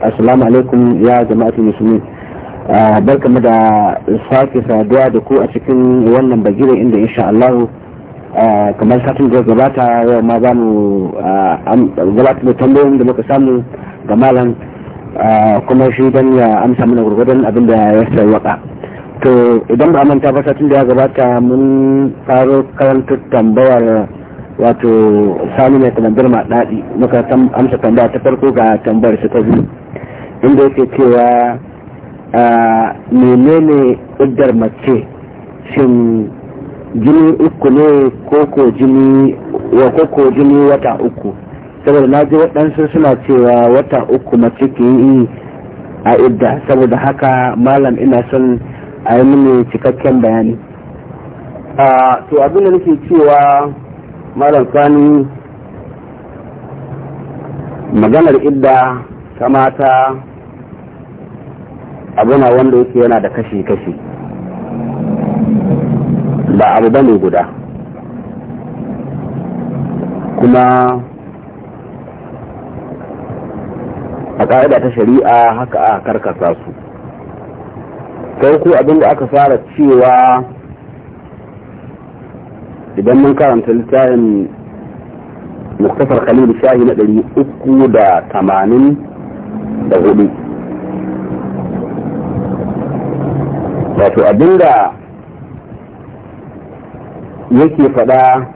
assalamu alaikum ya jama'atul musulmi ah, mu da sake saduwa da ku a cikin wannan bagire inda insha Allah ah, kamar satin da gabata yau ma za mu ah, da tambayoyin da muka samu ga malam kuma shi dan ya amsa mana gurgurdan abin da ya sai waka to idan ba manta ba satin da ya gabata mun faro karanta tambayar wato sami mai kamar birma daɗi muka amsa tambaya ta farko ga tambayar su ta biyu inda yake cewa menene iddar mace shin jini uku ne koko jini wa koko jini wata uku saboda na ji waɗansu suna cewa wata uku mace ke yi a idda saboda haka malam ina son a yi mini cikakken bayani to abin da nake cewa malam sani maganar idda kamata abu na wanda yake yana da kashi-kashi ba abu ba ne guda kuma a ƙa'ida ta shari'a haka a karkasa su farko abin da aka fara cewa idan mun karanta littafin muktasar khalil shahi na ɗari uku da tamanin da hudu wato abinda yake faɗa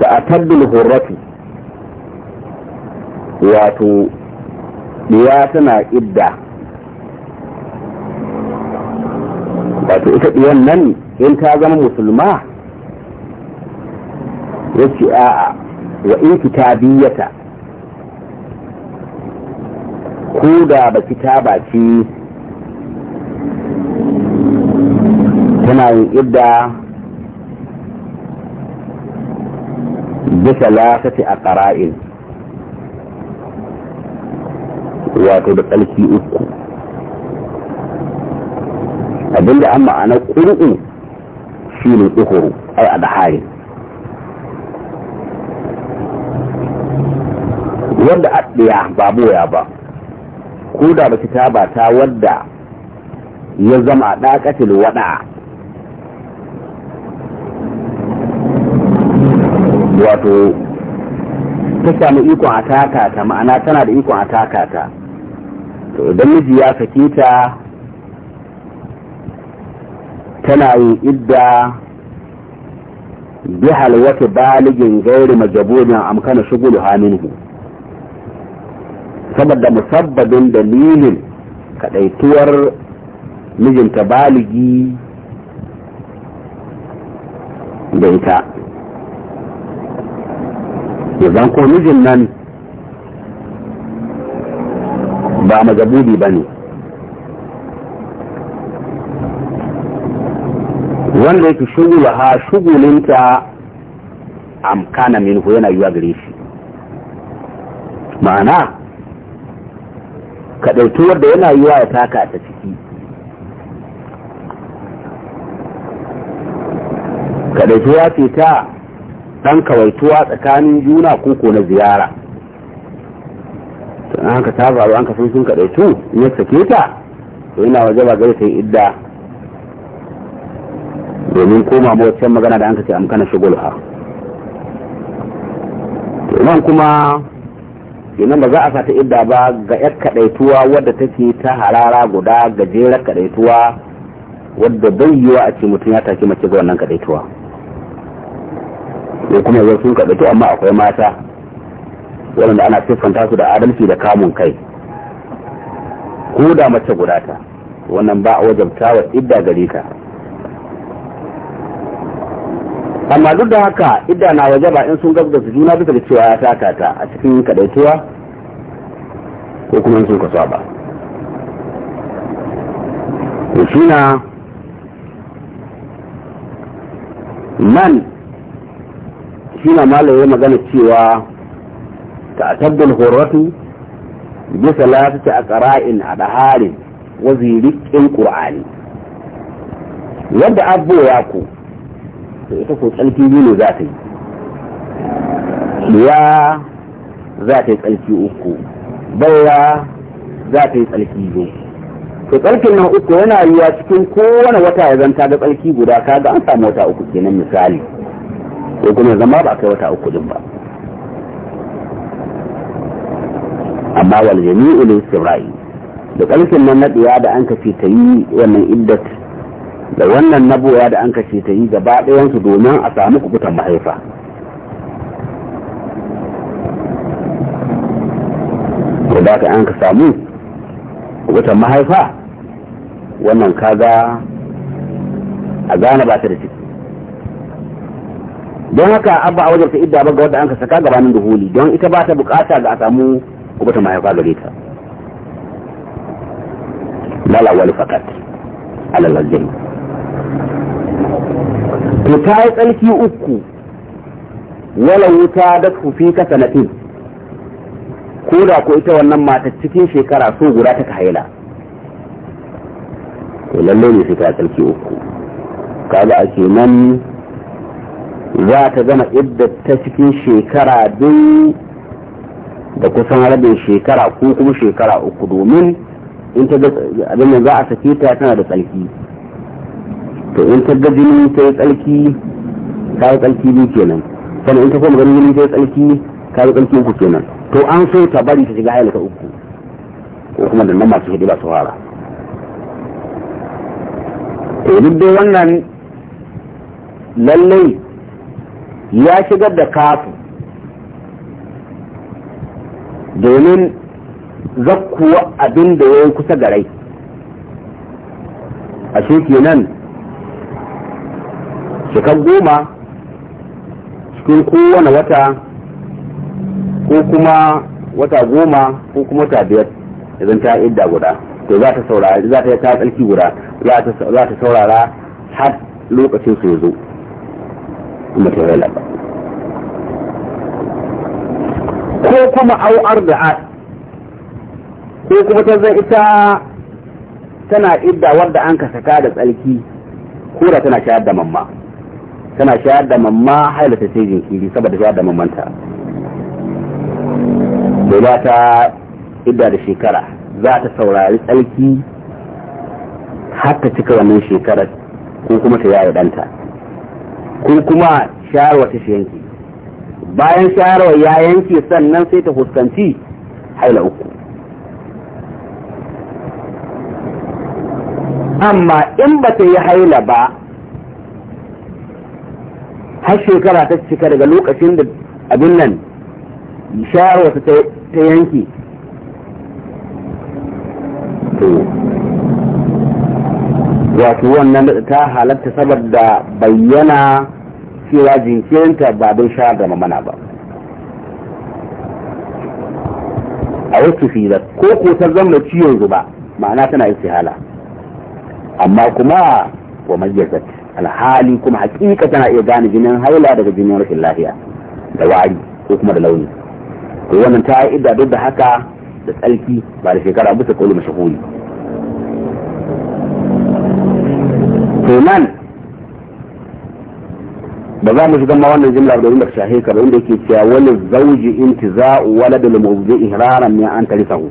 ta atabbul hurrafi wato ɗiya tana idda wato ita ɗiyan nan in ta zama musulma ya ce a'a wa in kitabiyata ko da ba kitaba ce tana yin idda bisa lasati a ƙara'in wato da ƙarfi uku abinda an ma'ana ƙuri'u shi ne tsukuru ai a dahari wanda a ɗaya ba boya ba ko da ba ta ba ta wadda ya zama ɗakatil waɗa wato ta samu ikon a taka ma'ana tana da ikon a taka to idan miji ya sake ta tana yin idda bi halwata baligin gairi majaburin amkana shugulu haminu saboda musabbabin dalilin kadaituwar mijinta baligi da ita Idan zan ko mijin nan ba magabudi ba ne wanda yake shugula ha shugulinta amkana minhu yana yiwa gare shi ma'ana ka ɗauki wadda yana yiwa ya taka ta ciki ka ɗauki ya ce ta dan kawaituwa tsakanin juna ko ko na ziyara to an ka ta faru an ka sun sun kadaitu in ya sake ta to yana ba gare ta yi idda domin koma ma wacce magana da an ka ce amkana ha to nan kuma ina ba za a sata idda ba ga yar kadaituwa wadda take ta harara guda gajerar kadaituwa wadda bai yiwa a ce mutum ya take mace ga wannan kadaituwa da kuma yau sun kaɗa amma akwai mata waɗanda ana siffanta su da adalci da kamun kai ko da mace guda ta wannan ba a wajabta wa idda gare ka amma duk da haka idda na wajaba in sun gaba su juna bisa da cewa ya taka ta a cikin kaɗaituwa ko kuma sun kasuwa ba shi na man shi na malaye magana cewa ta'atabbul horatu bi ta qara'in adharin wa zirikin qur'ani yadda abbo ya ku to ita ko tsalki ne za ta yi ya za ta yi tsalki uku baya za ta yi tsalki biyu to tsalkin nan uku yana yiwa cikin kowane wata ya zanta da tsalki guda kaga an samu wata uku kenan misali ko kuma zama ba kai wata uku din ba amma wal jami'u lil sirai da kalkin nan na diya da an ce ta yi wannan iddat da wannan nabuwa da an ce ta yi gaba ɗayan su domin a samu kubutan mahaifa ko da ka an ka samu kubutan mahaifa wannan kaga a gane ba ta da ciki don haka ba a wajen ta idda ba ga wadda an ka saka gabanin duhuli don ita ba ta bukata ga a samu ubata mahaifa gare ta bala wal fakat alal aljin to ta yi tsarki uku wala wuta da fi ka sanatin ko da ko ita wannan mata cikin shekara so guda ta haila to lallai ne sai ta tsarki uku kaga ake nan za ta gama idda ta cikin shekara biyu da kusan rabin shekara ko kuma shekara uku domin in ta abin da za a sake ta tana da tsarki to in ta ga jini ta yi tsarki ta yi tsarki biyu kenan sannan in ta kuma ganin jini ta yi tsarki ta yi tsarki uku kenan to an so ta bari ta shiga haila ta uku ko kuma da nan masu hidima su fara duk dai wannan lallai ya shigar da kafu domin zakkuwa abin da ya yi kusa garai. rai a shi nan shekar goma cikin kowane wata ko kuma wata goma ko kuma wata biyar idan ta idda guda to za ta saurara za ta yi ta tsarki guda za ta saurara har lokacin su ya zo kuma ta rela ba ko kuma au a ko kuma ta zai ita tana idda wadda an ka saka da tsalki kura tana shayar da mamma tana shayar da mamma haila ta sai jinkiri saboda shayar da mammanta bai ba ta idda da shekara za ta saurari tsalki har ta cika wannan shekarar ko kuma ta yaya danta ko kuma shayarwa ta yanke bayan shayarwa ya yanke sannan sai ta fuskanci haila uku amma in ba ta yi haila ba har shekara ta cika daga lokacin da abin nan shayarwa ta yanke wato wannan ta halatta saboda bayyana cewa jinkirinta ba don sha da mamana ba a wasu filar ko ko ta zama ciwon zuba ma'ana tana istihala amma kuma wa mayyazat alhali kuma hakika tana iya gane jinin haila daga jinin rashin lafiya da wari ko kuma da launi to wannan ta yi idda duk da haka da tsarki ba da shekara bisa kauli mashahuri kenan ba za mu shiga ma wannan jimla da wanda shahe ka wanda inda yake cewa wani zauji intiza'u waladul mawzi ihraran min an tarisahu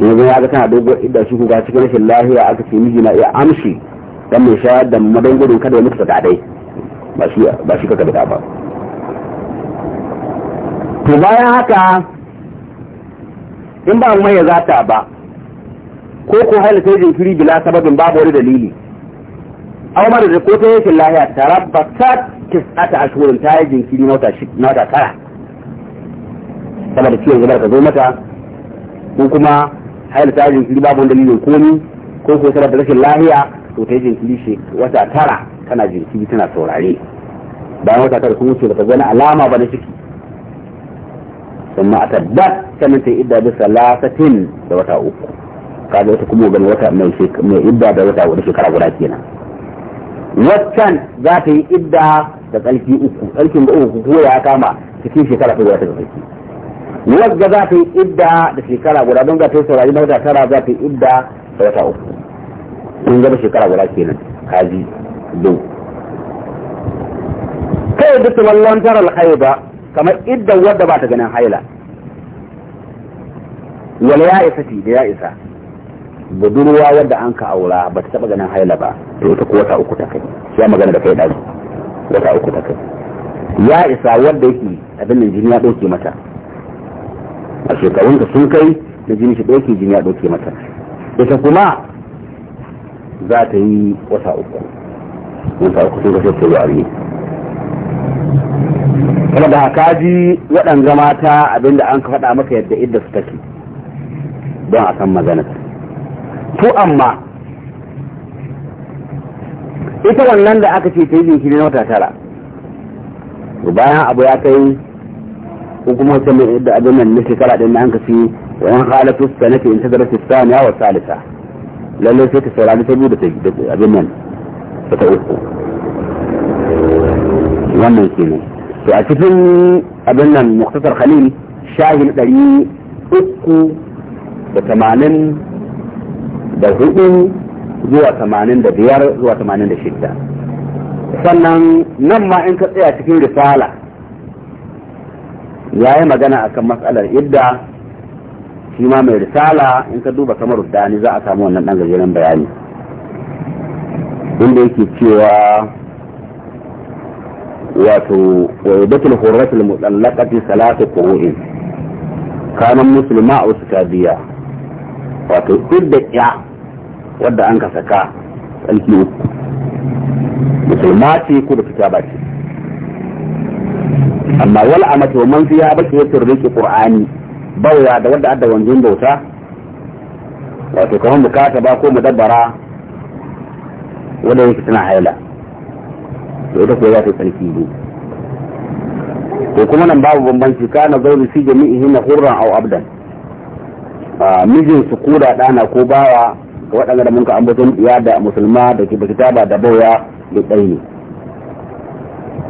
yanzu ya ga tana dogo idda shi ga cikin rashin lahiya aka ce miji na iya amshi dan mai shayar da madan gudun kada wani ta dai ba shi ba shi kaka da ba to bayan haka in ba mai za zata ba ko ko halitta jinkiri bila sababin babu wani dalili aw mara da ko ta yakin lahiya tarabbatat a ashhurin ta yi jinkiri na wata tara saboda ciwon zubar ka zo mata ko kuma hayar ta yi jinkiri babu wanda dalilin komi ko ko da rashin lahiya to ta yi jinkiri shi wata tara tana jinkiri tana saurare bayan wata tara sun wuce ta gani alama ba na ciki sannan a tabbat sannan ta yi idda bisa lasatin da wata uku kaga wata kuma gani wata mai idda da wata shekara guda kenan waccan za ta yi idda da tsarki uku tsarkin da uku ko ya kama cikin shekara ta guda ta tsarki wadda za ta yi idda da shekara guda don za ta yi saurari na wata tara za ta yi idda da wata uku sun zama shekara guda kenan kaji do kai duk wallon tara ba kamar idda wadda ba ta ganin haila wala ya isa da ya isa budurwa wadda an ka aura ba ta taba ganin haila ba to ita ko wata uku ta kai ya magana da kai dazu wata uku ta kai ya isa wadda yake abin da jini ya dauke mata a shekarun ta sun kai da jini shi dauke jini ya dauke mata ita kuma za ta yi wata uku wata uku sun kashe ta yare kuma da haka ji waɗanda mata abinda an ka faɗa maka yadda idda su take don a san maganar to amma ita wannan da aka ce ta yi jinkiri na wata tara bayan abu ya kai ko kuma wata mai da abin nan na shekara ɗin na an kasi wa yan halatu sanati in tazara saniya wa salisa lallai sai ta saurari ta biyu da abin nan ta ta uku wannan ke ne to a cikin abin nan muktasar khalil shahin ɗari uku da tamanin da hudu zuwa tamanin da biyar zuwa tamanin da shida sannan nan ma in ka tsaya cikin risala ya yi magana a kan matsalar idda shi ma mai risala in ka duba kamar rudani za a samu wannan ɗan gajeren bayani inda yake cewa wato wa yubatul hurratul mutallaqati salatu qur'an kanan musulma wasu sukadiya wato duk da ya wadda an ka saka tsarki uku musulma ce ko da fita ba ce amma wala a mace man fiya ba ce yake rike qur'ani bauya da wadda adda wanzun bauta wato kamar bukata ba ko mudabbara wadda yake tana haila to ita ko za ta tsarki ne ko kuma nan babu bambanci kana zauri fi jami'ihi na hurran aw abdan mijin ko da dana ko bawa ga waɗanda da mun ka ambaton ya da musulma da ke bakita ba da bauya da ɗai ne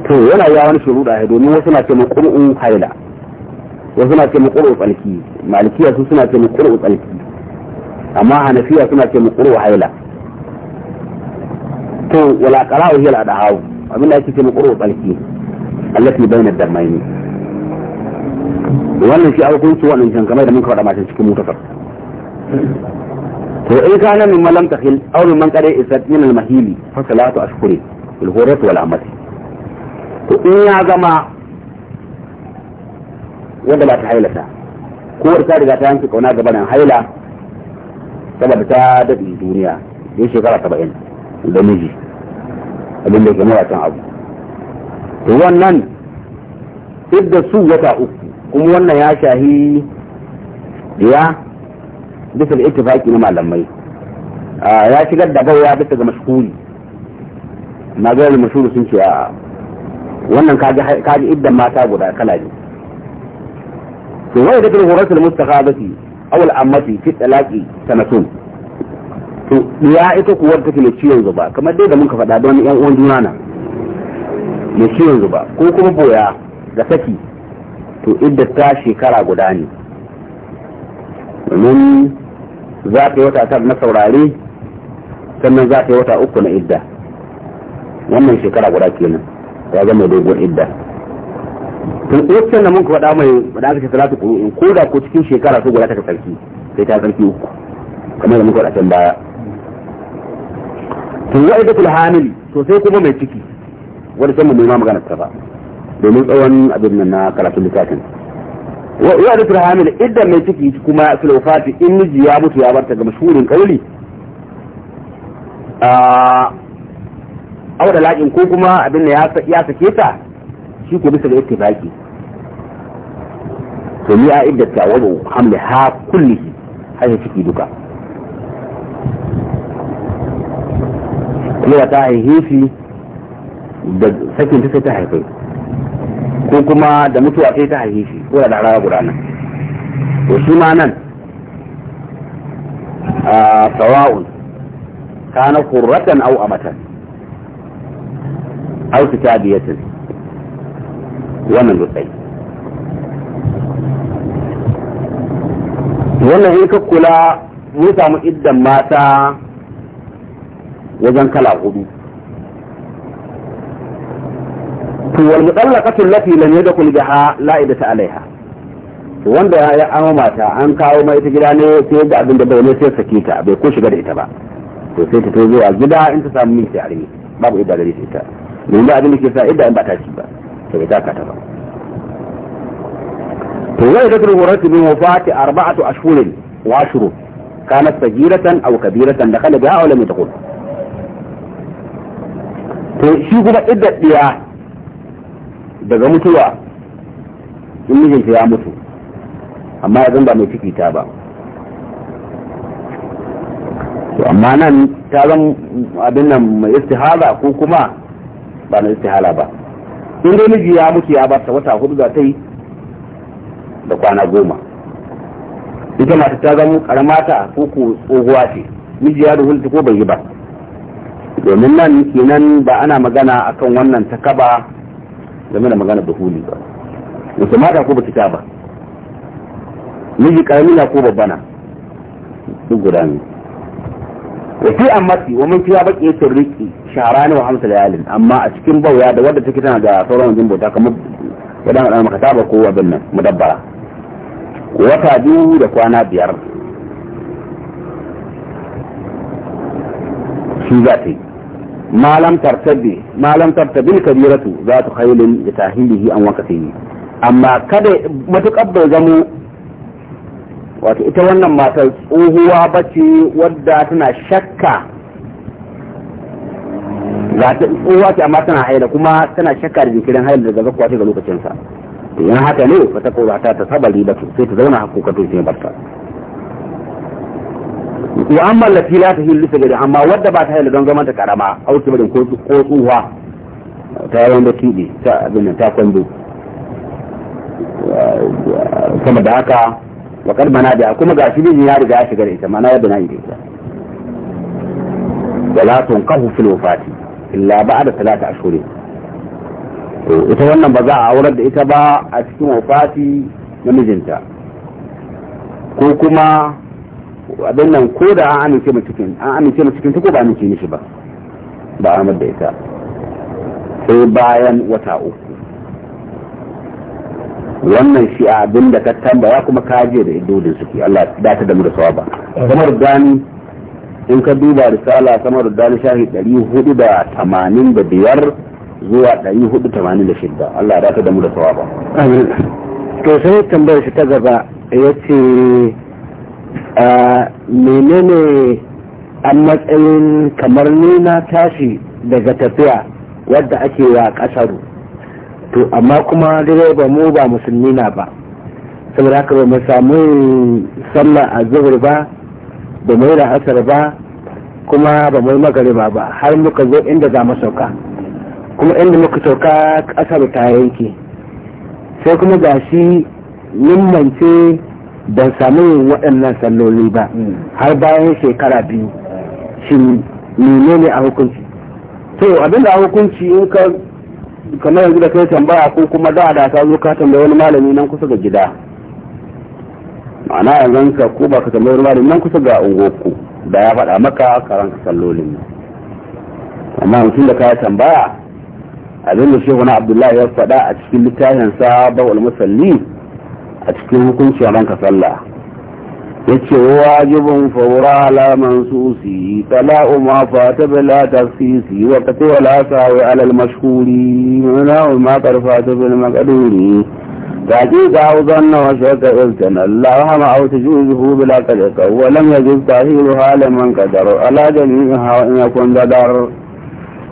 to yana ya wani shuru da domin wasu na ce makur'un haila wasu na ce makur'un tsalki malikiya su suna ce makur'un tsalki amma hanafiya suna ce makur'un haila to wala qara'u hiya al-adahu abinda yake ce makur'un tsalki allati bayna ad-damaini wannan shi a hukunci wannan can kamar da mun kawo da mashin cikin mutasar to in kana min malam tahil aw min man qad isat min al mahili fa salatu ashkuri bil hurat wal amati to in ya zama wanda ba ta hailata ko ta riga ta yanke kauna gabanin haila saboda ta daɗi duniya ya shekara saba'in da miji abin da ke mawatan abu to wannan idda su wata uku kuma wannan ya shahi ya bisa da ittifaki na malamai ya shigar da gauya bisa ga mashkuri na gauya mashkuri sun ce a wannan kaji idan mata guda kala ne to wani da kirkun rasul mustaka zafi awal ammati fi talaki sanatun to ya ita ta take mai ciwon zuba kamar dai da muka faɗa don yan uwan juna na mai ciwon zuba ko kuma boya ga saki to idda ta shekara guda ne domin za ta yi wata ta na saurare sannan za ta yi wata uku na idda wannan shekara guda kenan ya zama dogon idda tun ɗaukacin na mun faɗa mai da aka ce salatu in ko da ko cikin shekara su guda ta sarki sai ta sarki uku kamar da muka faɗa can baya tun wa'idatul hamil sosai kuma mai ciki wanda sai mu nema magana ta ba domin tsawon abin nan na karatun littafin wa iyadatu hamil idda mai ciki kuma filofati in miji ya mutu ya barta ga mashhurin kauli a aw da ko kuma abin da ya sake ta shi ko bisa ga ittifaki to ni a idda ta wajen hamli ha kullihi har ciki duka kuma ta haifi da sakin ta sai ta haifai ko kuma da mutuwa sai ta haife shi ko da rawa guda nan to shi ma nan a sawa'un kana kurratan au amatan au kitabiyatin wannan dutsai wannan in ka kula mun samu iddan mata wajen kala hudu to wal mutallaqatu allati lam yadkhul biha la'idata alaiha wanda ya amo mata an kawo mai ita gida ne sai da abin da bai ne sai sake ta bai ko shiga da ita ba to sai ta tozo a gida in ta samu miji tare babu idda gare ta domin ba abin da ke sa idda in ba ta ci ba to bai taka ta ba to wai da turhu ratibin wafati arba'atu ashhurin wa ashhurun kanat sagiratan aw kabiratan da kana biha aw lam takun to shi kuma idda diya daga mutuwa in mijinta ya mutu amma ya zan ba mai ciki ta ba to amma nan ta zan abin nan mai istihala ko kuma ba na istihala ba in dai miji ya mutu ya ba ta wata hudu za ta yi da kwana goma ita mata ta zama karamata ko ko tsohuwa ce miji ya ruhulta ko bai yi ba domin nan kenan ba ana magana akan wannan takaba game da magana duhuli ba wace mata ko ba ta ba miji karami na ko babbana duk guda ne wa fi amati wa mun fiya baki yake riki shara ne wa hamsa layalin amma a cikin bauya da wadda take tana da sauran wajen bauta kamar wadan da maka taba ko abin nan mudabbara wata biyu da kwana biyar shi za ta yi ما لم ترتب ما لم ترتب الكبيرة ذات خيل لتأهيله أن وقته أما كده ما تقبل زمو wato ita wannan matar tsohuwa ba ce wadda tana shakka za ta tsohuwa ce amma tana haila kuma tana shakka da jinkirin haila daga zakuwa ce ga lokacinsa yan haka ne ba ta kora ta ta sabali ba sai ta zauna hakuka to sai barta wa amma lati la tahillu lisa gari amma wadda ba ta haila don zaman ta karama wuce kibarin ko tsuwa ta yawan da tiɗi ta abin ta kwando sama da haka wa kad mana da kuma gashi bin ya riga ya shiga da ita mana ya bana ita da tunqahu fil wafati illa da talata ashhur to ita wannan ba za a aurar da ita ba a cikin wafati na mijinta ko kuma abin nan ko da an amince mu cikin an amince mu cikin ta ko ba amince shi ba ba a da ita sai bayan wata uku wannan shi abin da ka tambaya kuma ka je da idodin suke Allah da ta da mu da sawaba kamar gani in ka duba risala kamar da shahi 485 zuwa 486 Allah ya dace da mu da sawaba amin to sai tambayar shi ta gaba yace menene a matsayin kamar nuna tashi daga tafiya wadda ake wa kasaru to amma kuma direba mu ba musulmi na ba saboda haka ba mu samu sallah a zuhur ba ba mu yi da asar ba kuma ba mu yi magariba ba har muka zo inda za mu sauka kuma inda muka sauka kasar ta yanke sai kuma ga shi nimmance ban samu yin waɗannan salloli ba hmm. har bayan shekara biyu shi nune ne a hukunci to abinda a hukunci in ka kamar yanzu da kai tambaya ko kuma da da ka zo ka tambayi wani malami nan kusa ga gida ma'ana yanzu ka ko ba ka tambayi wani malami nan kusa ga ungoku da ya faɗa maka karan ka sallolin amma mutum da ka tambaya abin da shehu na abdullahi ya faɗa a cikin littafin ba bawul musalli a cikin hukuncin ranka sallah ya ce wajibin faura ala mansusi tala'u ma fata bila tafsisi wa kati wala sawi alal mashhuri wa ma karfata bil maqduri تحقيق أو ظن وشك إذكنا اللهم أو تجوزه بلا قدر ولم يجوز تأهيلها لمن قدر ألا جميعها وإن يكون بدر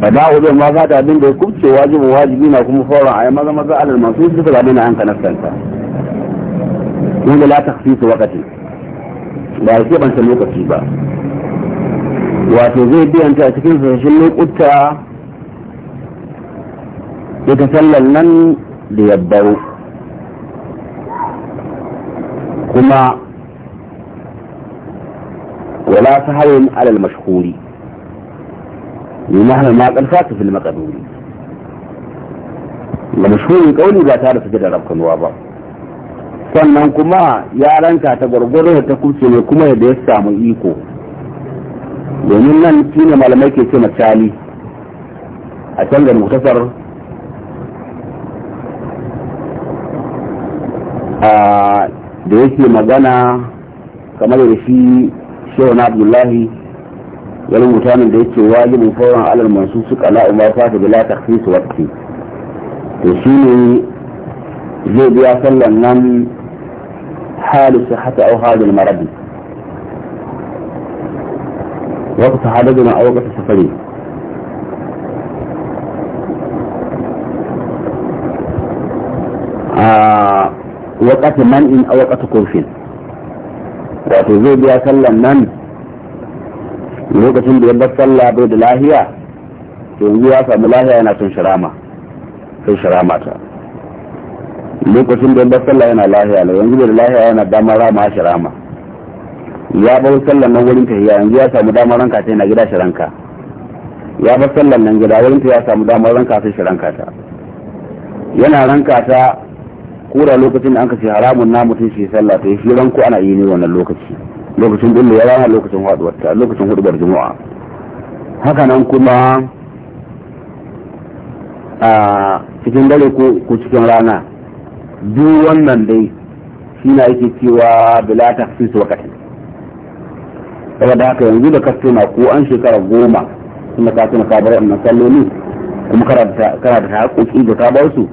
fada wajen ma fata abin da ya kubce wajibin wajibi na kuma fauran a yi maza maza alal masu su suka na an kanastanta wanda la ta fi su wakati ba ya keɓanta lokaci ba wato zai biyanta a cikin sashen lokuta ita sallar nan da yabbaro kuma wala ta harin alal mashhuri ومهما ما قد فات في المقدور ومشهور قولي ba tare da rabkanwa ba sannan kuma ranka ta gwargwaro ta kuce ne kuma yadda ya samu iko domin nan ne malamai ke ce misali a can da muktasar da yake magana kamar da shi shehu na abdullahi wani mutanen da yake wajibin fauran alal mansu su kala umar fata bila takhsis waqti to shi ne zai biya sallan nan halu sihhata aw halu maradi waqt hadaduna aw waqt safari a waqt man'in aw waqt kufin wato zai biya sallan nan lokacin da ya bar sallah bai da lahiya to yanzu ya samu lahiya yana son shirama sai shirama ta lokacin da ya bar sallah yana lahiya la yanzu bai da lahiya yana damar rama shirama ya bar sallan nan wurin tafiya yanzu ya samu damar ranka ta yana gida shiranka ya bar sallan nan gida wurin ya samu damar ranka sai shiranka ta yana ranka ta kura lokacin da an ka ce haramun na mutum shi sallah ta yi shi ana yi ne wannan lokaci lokacin dillu ya rana lokacin haduwarta lokacin hudubar juma'a haka nan kuma a cikin dare ko cikin rana duk wannan dai shi na yake cewa bila ta fi su wakati saboda haka yanzu da ka tuna ko an shekara goma suna ka tuna kabar wannan salloli kuma kana da haƙoƙi da kabar su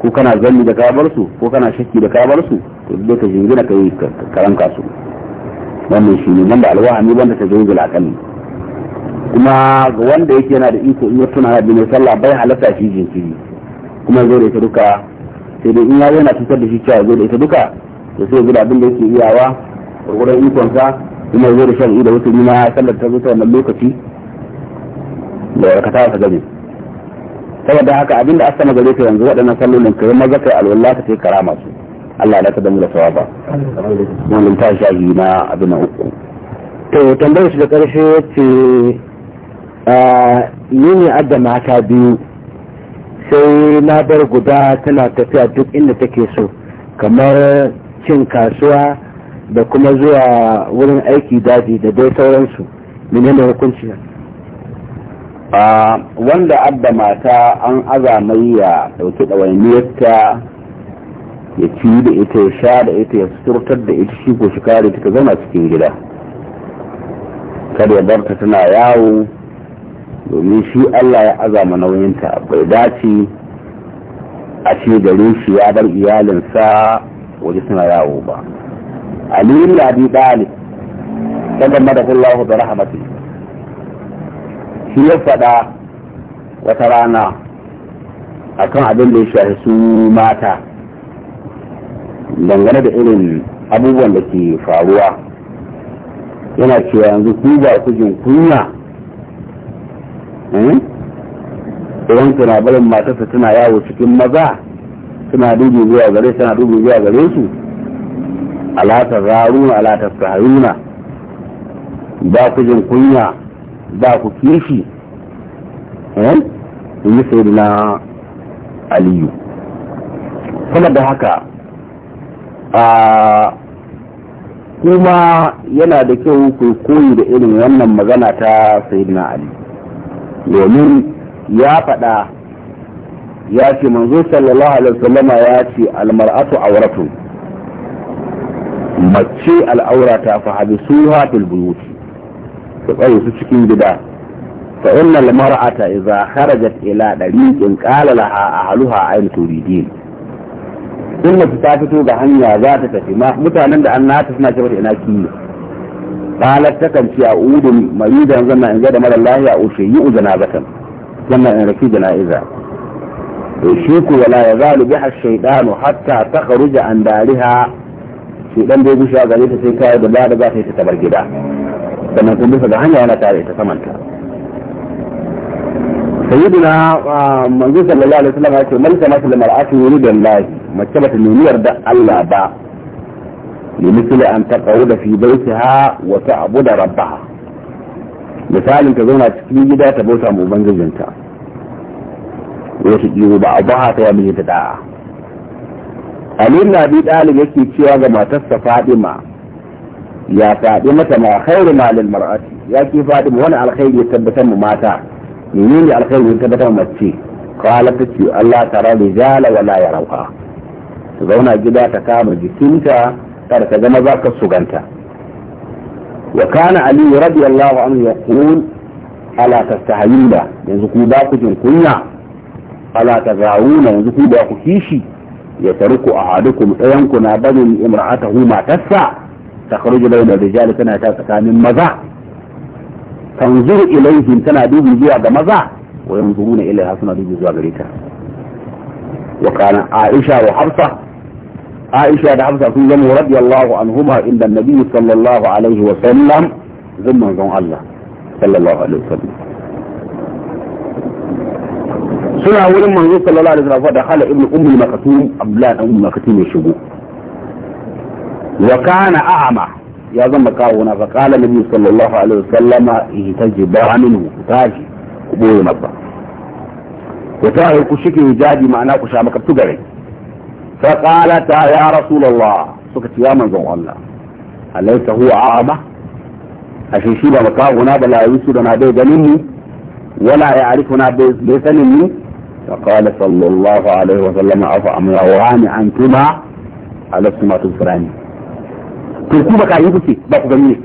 ko kana zanni da kabar su ko kana shakki da kabar su to duk ka jingina ka yi karanka su wannan shi ne nan da alwahami wanda ta zo a kan kuma ga wanda yake yana da iko in ya tuna da bin sallah bai halatta shi jinkiri kuma zo da ita duka sai dai in ya yana cutar da shi cewa zo da ita duka to sai gudu abin da yake iyawa gurgurar sa kuma zo da shan da wasu nima sallar ta zo ta wannan lokaci da ya ta gani saboda haka abinda asama gare ta yanzu waɗannan sallolin kai maza kai alwala ta kai karama su Allah ya kada da sawaba wannan ta shahi na abin na uku to tambayar shi da karshe yace ni ne adda mata biyu sai na bar guda tana tafiya duk inda take so kamar cin kasuwa da kuma zuwa wurin aiki daji da dai sauransu menene hukunci wanda adda mata an aza mai ya dauki ɗawainiyarta ya ci da ita ya sha da ita ya suturtar da ita shi ko shi kare ta zama cikin gida kada ya barta tana yawo domin shi Allah ya azama nauyinta bai dace a ce gare shi ya bar iyalinsa waje suna yawo ba aliyu da abi dalib sallan da rahmatu shi ya faɗa wata rana akan abin da ya shafi su mata dangane da irin abubuwan da ke faruwa yana cewa yanzu ku ba ku jin kunya eh? idan kuna barin matarsa tana yawo cikin maza suna dubi zuwa gare suna dubi zuwa gare su alata zaruna alata ba ku jin kunya ba ku kishi eh yi sai na aliyu kuma da haka kuma yana da kyau ku koyi da irin wannan magana ta sayyidina ali domin ya faɗa ya ce manzo sallallahu alaihi wasallama ya ce almar'atu auratun mace al'aurata fa habisuha fil buyut ku tsare su cikin gida fa innal mar'ata idza kharajat ila dariqin qala laha ahluha ayn turidin in mace ta fito ga hanya za ta tafi ma mutanen da an nata suna cewa ina kiyo qalat ta kan ce a udun maridan zanna in ga da mara lahiya ushe yi uzana zakan zanna in raki jana'iza يشيك ولا يزال بها الشيطان حتى تخرج عن دارها شيطان بي بشا غريتا سي كاي دبا دبا سي تتبر جدا sannan kun bisa ga hanya yana tare ta samanta sayyidina manzo sallallahu alaihi wasallam ya ce man kana fil mar'ati yuridu lillahi mace bata nemi yarda Allah ba limisli an taqawu da fi baitiha wa ta'budu rabbaha misalin ta zauna cikin gida ta bauta mu ubangijinta ya shi kiwo ba abaha ta yi ta da'a Ali ibn Abi Talib yake cewa ga matarsa Fatima ya faɗi mata ma khairu ma lil mar'ati ya ke faɗi wani alkhairi ya tabbatar mu mata menene alkhairi ya tabbatar mace qala ta ce Allah tara rijala wala yarauha zauna gida ta kama jikinta kada ta zama za ka suganta wa kana ali radiyallahu anhu ya yaqul ala tastahayuna yanzu ku ba ku jin kunya ala ta zauna yanzu ku ba ku kishi ya tarku ahadukum ɗayan ku na bani barin imra'atahu matarsa ta kharuju da rijali tana ta tsakanin maza tanzuru ilaihim tana dubi zuwa ga maza wa yanzuruna ilaiha suna dubi zuwa gare ta wa kana aisha عائشة بحفظة فيهم رضي الله عنهما عند النبي صلى الله عليه وسلم ثم نزعون الله صلى الله عليه وسلم سنة أولي من صلى الله عليه وسلم دخل ابن أم المكتوم أبلان أم المكتوم الشبو وكان أعمى يا ذنبك هنا فقال النبي صلى الله عليه وسلم اهتجبا منه تاجي قبول مبا وتاهي كشكي جادي معناه كشامك بتقري فقالتا يا رسول الله سكت يا من زو الله أليس هو أعمى أشيشي بمكاغنا بلا يسودنا بي دليني ولا يعرفنا بي سنني فقال صلى الله عليه وسلم أفا أمران أنتما ألستما تبصراني تركوا بكا يبسي بكو جميل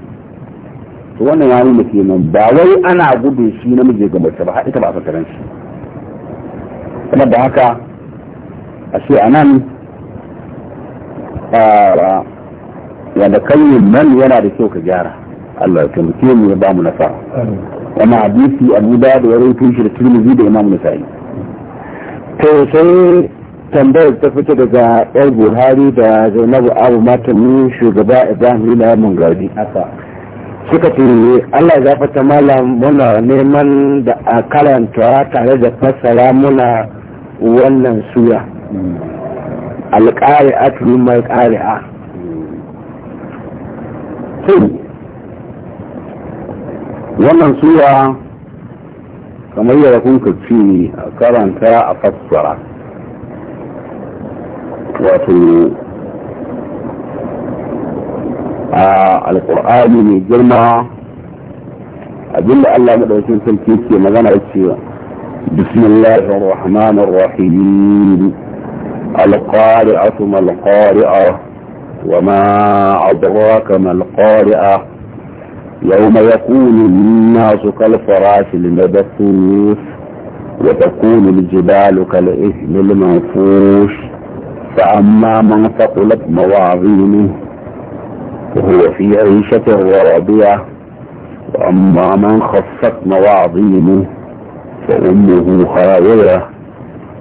wannan ya nuna kenan ba wai ana gudun shi namiji ga mace ba ita ba a shi kuma da haka a ce a nan ƙara wanda kai nan yana da kyau ka gyara Allah ya taimake mu ya ba mu nasara wannan hadisi Abu Dawud ya rawaito shi da Tirmidhi da Imam Nasa'i to sai tambayar ta fita daga Yar Buhari da Zainabu Abu Matami shugaba Ibrahim Ila Mungadi suka tuni Allah ya zafata malam muna neman da a karanta tare da fassara muna wannan suya mm. alƙari'a tulmar ƙari'a wannan suwa kamar yadda kuka kaci a karanta a fassara wato a alƙur'ani mai girma abinda allah ɗaukin sarki ke magana cewa bismillahir rahmanir rahim القارعة ما القارعة وما أدراك ما القارعة يوم يكون الناس كالفراش المبثوث وتكون الجبال كالإثم المنفوش فأما من ثقلت موازينه فهو في عيشة راضية وأما من خفت موازينه فأمه خاوية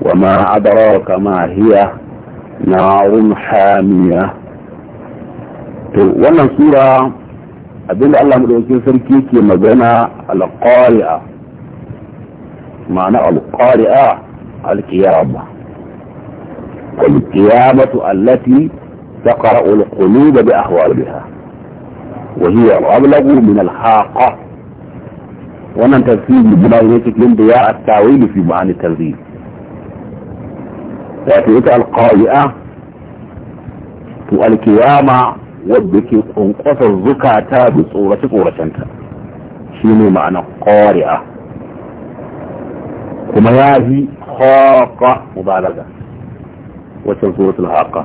وما أدراك ما هي نار حامية وانا سورة أدل الله مدوكين سركيكي مدنا القارئة معنى القارئة القيامة القيامة التي تقرأ القلوب بأحوالها وهي أبلغ من الحاقة وانا تنسيب من الناس يكلم التعويل في معنى التنظيم wato ita alƙa'i'a to alkiyama wadda ke ƙunƙwasa zukata da tsorace-tsoracenta shi ne ma'ana ƙari'a kuma ya yi haƙa mubalaga waccan suratul haƙa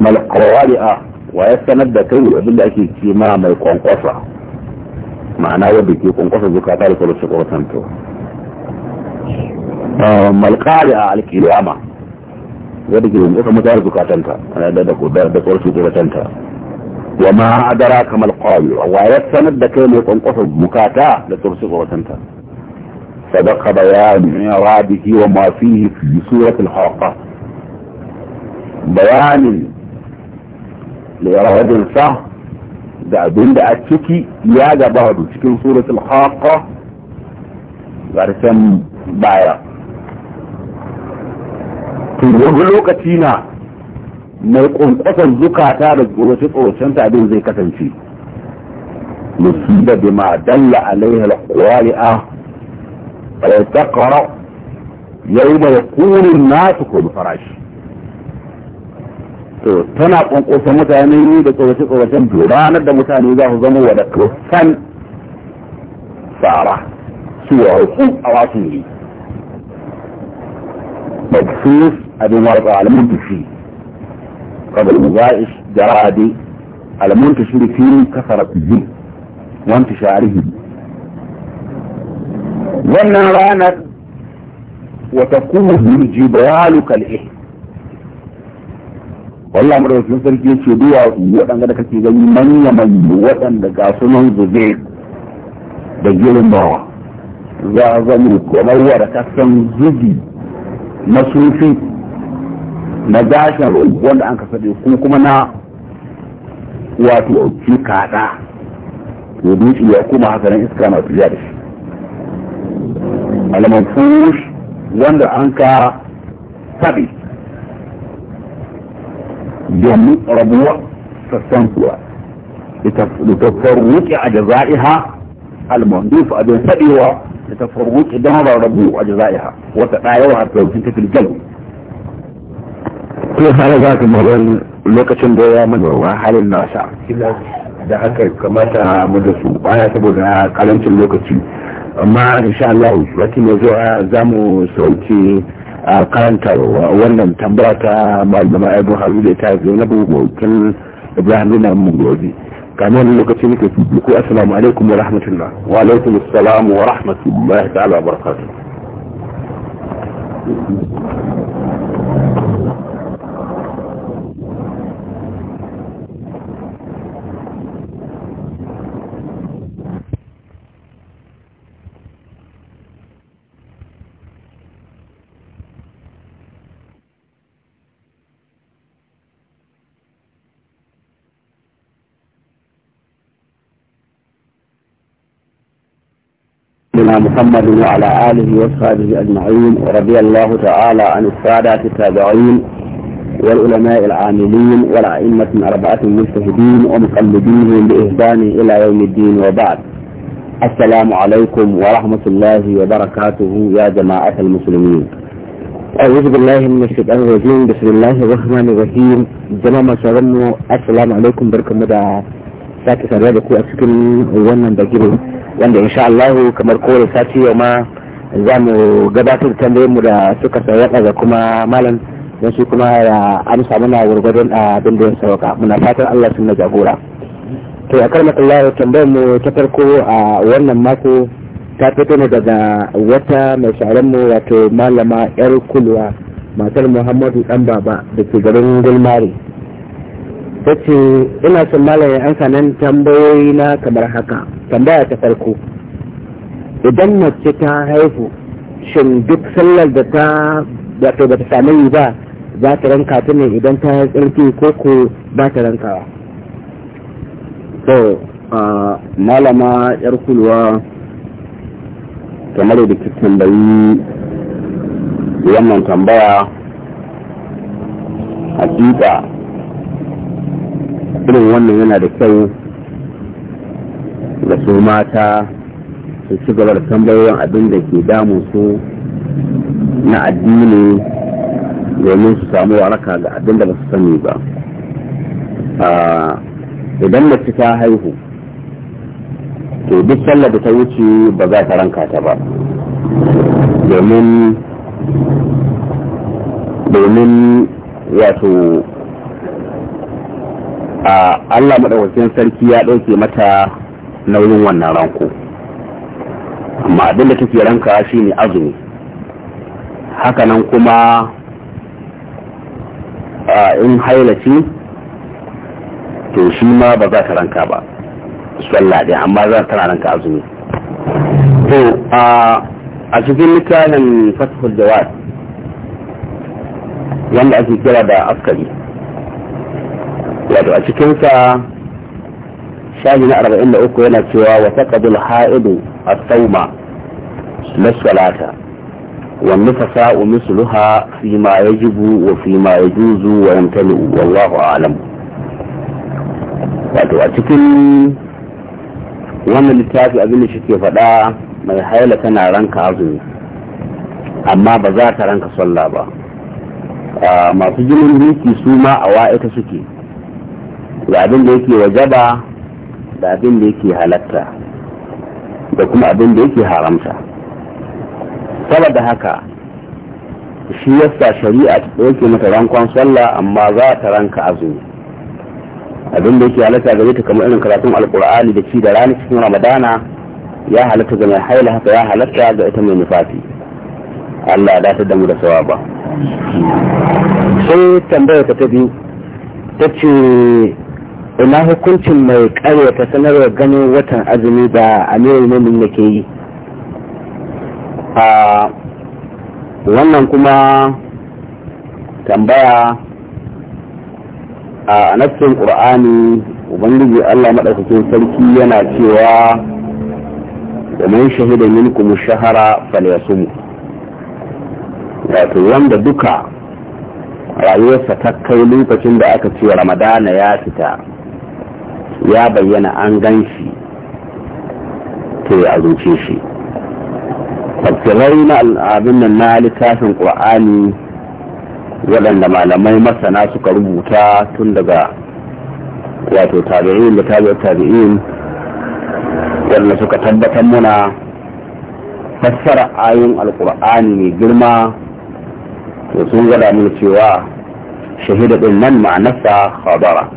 mal ƙari'a wa ya sanar da kai abin da ake ce ma mai ƙwanƙwasa ma'ana wadda ke ƙwanƙwasa zukata da tsorace-tsoracenta malƙari'a alƙiyama wadda ke rumbuka mutuwar zukatanta da tsohon shugabatanta wa ma adara kamar ƙwari wa ya sanar da kai mai ƙwanƙwasa bukata da tsohon shugabatanta sadaka bayanin rabihi wa mafi fi suratul harqa bayanin lirahadin sa da abin da a ciki ya gaba cikin suratul harqa garsan baya wani lokaci na mai ƙunƙasar zukata da tsorace tsoracen tabin zai kasance musiba bi ma dalla alaiha alqari'a fa ya yawma yaqulu an-nasu kul farashi to tana ƙunƙusa mutane ne da tsorace tsoracen ranar da mutane za su zama wa da kusan tsara su wa hukun a wasu ne مدفوف أبي مرضى على منتشي قبل المباعش جرادي على منتشر فيه كثرة الزي وانتشاره ظن رانا وتكون الجبال كالإه والله مرة وسلم سرك يشدوا وطن قد كنت يجي من يمن وطن لقاسنا زبير بجير المرة ذا ظن ومورة كثرة زبير masufi na gashin wanda an kasa kuma kuma na wato shi kaɗa to dutse ya kuma haka nan iska na tafiya da shi fush wanda an ka sabi domin rabuwa sassan kuwa da tafarruki a jaza'iha almanduf abin saɗewa لتفرق إدها وربو وجزائها وتقايوها توجد في الجلو كل هذا ذاك المهبل lokacin da ya madarwa halin nasa da aka kamata mu da su baya saboda karancin lokaci amma insha Allah wata ne zuwa za mu sauke a karanta wannan tambara ta malama Ibrahim Haru da ta zo na bugu Ibrahim Nuna Mugozi كمان لوكاتيني كيكو السلام عليكم ورحمة الله وعليكم السلام ورحمة الله تعالى وبركاته نبينا محمد وعلى آله وصحبه أجمعين ورضي الله تعالى عن السادة التابعين والعلماء العاملين والأئمة الأربعة المجتهدين ومقلدينهم باهدان إلى يوم الدين وبعد السلام عليكم ورحمة الله وبركاته يا جماعة المسلمين أعوذ بالله من الشيطان الرجيم بسم الله الرحمن الرحيم جماعة السلام عليكم بركم مدعا sake sanar da ku a cikin wannan bagiro wanda insha Allah kamar kore sati yau ma za mu gabatar tambayoyin mu da suka sarrafa ga kuma malam don su kuma ya amsa mana gurgurdon a da ya sauka muna fatan Allah sun na jagora to a kalmar Allah tambayar mu ta farko a wannan mako ta fito ne daga wata mai sharan mu wato malama yar kulwa matar Muhammadu dan baba da ke garin Gulmari ta ce ina son malaye an sanan tambayoyi na kamar haka tambaya ta farko idan mace ta haihu shin duk sallar da ta wato ba ta yi ba za ta ranka ta ne idan ta yi tsarki ko ko ba ta rankawa to malama yar kulwa kamar da kika tambayi wannan tambaya hakika irin wannan yana da kyau ga su mata su ci gaba da tambayoyin abin da ke damu su na addini domin su samu waraka ga abin da ba su sani ba idan mace ta haihu to duk sallar da ta wuce ba za ta ranka ta ba domin domin wato A Allah maɗaukakin sarki ya ɗauke mata nauyin wannan ranko amma abin da take ranka shi ne azumi hakanan kuma in hailaci to shi ma ba za ta ranka ba sallah dai amma za ta ranka azumi to a cikin mutanen fasfar jawad wanda ake kira da askari wato a cikinsa shahi na arba'in da uku yana cewa wa taqadul ha'idu as-sawma lis-salata wa nifasa'u misluha fi ma yajibu wa fi ma yajuzu wa yamtali'u wallahu a'lam wato a cikin wannan littafi abin da shi ke faɗa mai haila tana ranka azumi amma ba za ta ranka sallah ba ah, masu jinin riki su ma a wa'ita suke da abin da yake wajaba da abin da yake halatta da kuma abin da yake haramta saboda haka shi yasa shari'a ta ɗauke mata rankon sallah amma za ta ranka azumi abin da yake halatta gare ta kamar irin karatun alkur'ani da ci da rani cikin ramadana ya halatta ga mai haila haka ya halatta ga ita mai nufafi Allah ya dace da mu da sawaba sai tambaya ta biyu ta ce ina hukuncin mai karyata sanarwar ganin watan azumi da amirin mumin yake yi wannan kuma tambaya a nassin ƙur'ani ubangiji allah maɗaukakin sarki yana cewa domin shahida minkum shahara falyasumu wato wanda duka rayuwarsa ta kai lokacin da aka ce ramadana ya fita ya bayyana an gan shi to ya azuce shi tafsirai na abin nan na littafin ƙur'ani waɗanda malamai masana suka rubuta tun daga wato tabi'in da tabi'in tabi'in waɗanda suka tabbatar muna fassara ayoyin alƙur'ani mai girma to sun gada mana cewa shahida ɗin nan ma'anarsa khabara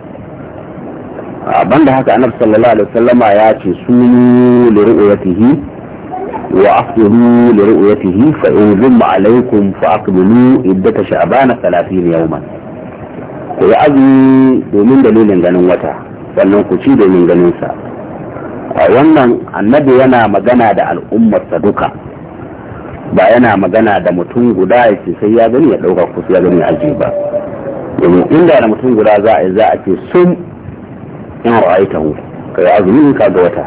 da haka annabi sallallahu alaihi wasallama ya ce sunu li ru'yatihi wa afdilu li ru'yatihi fa in zumma alaikum fa aqbilu iddat sha'ban 30 yawman ku yi azumi domin dalilin ganin wata sannan ku ci domin ganin sa a wannan annabi yana magana da al'ummar duka ba yana magana da mutum guda ya ce sai ya gani ya dauka kusa ya gani aji ba domin inda da mutum guda za a yi za a ce sun in ra'aitahu kai azumi ka ga wata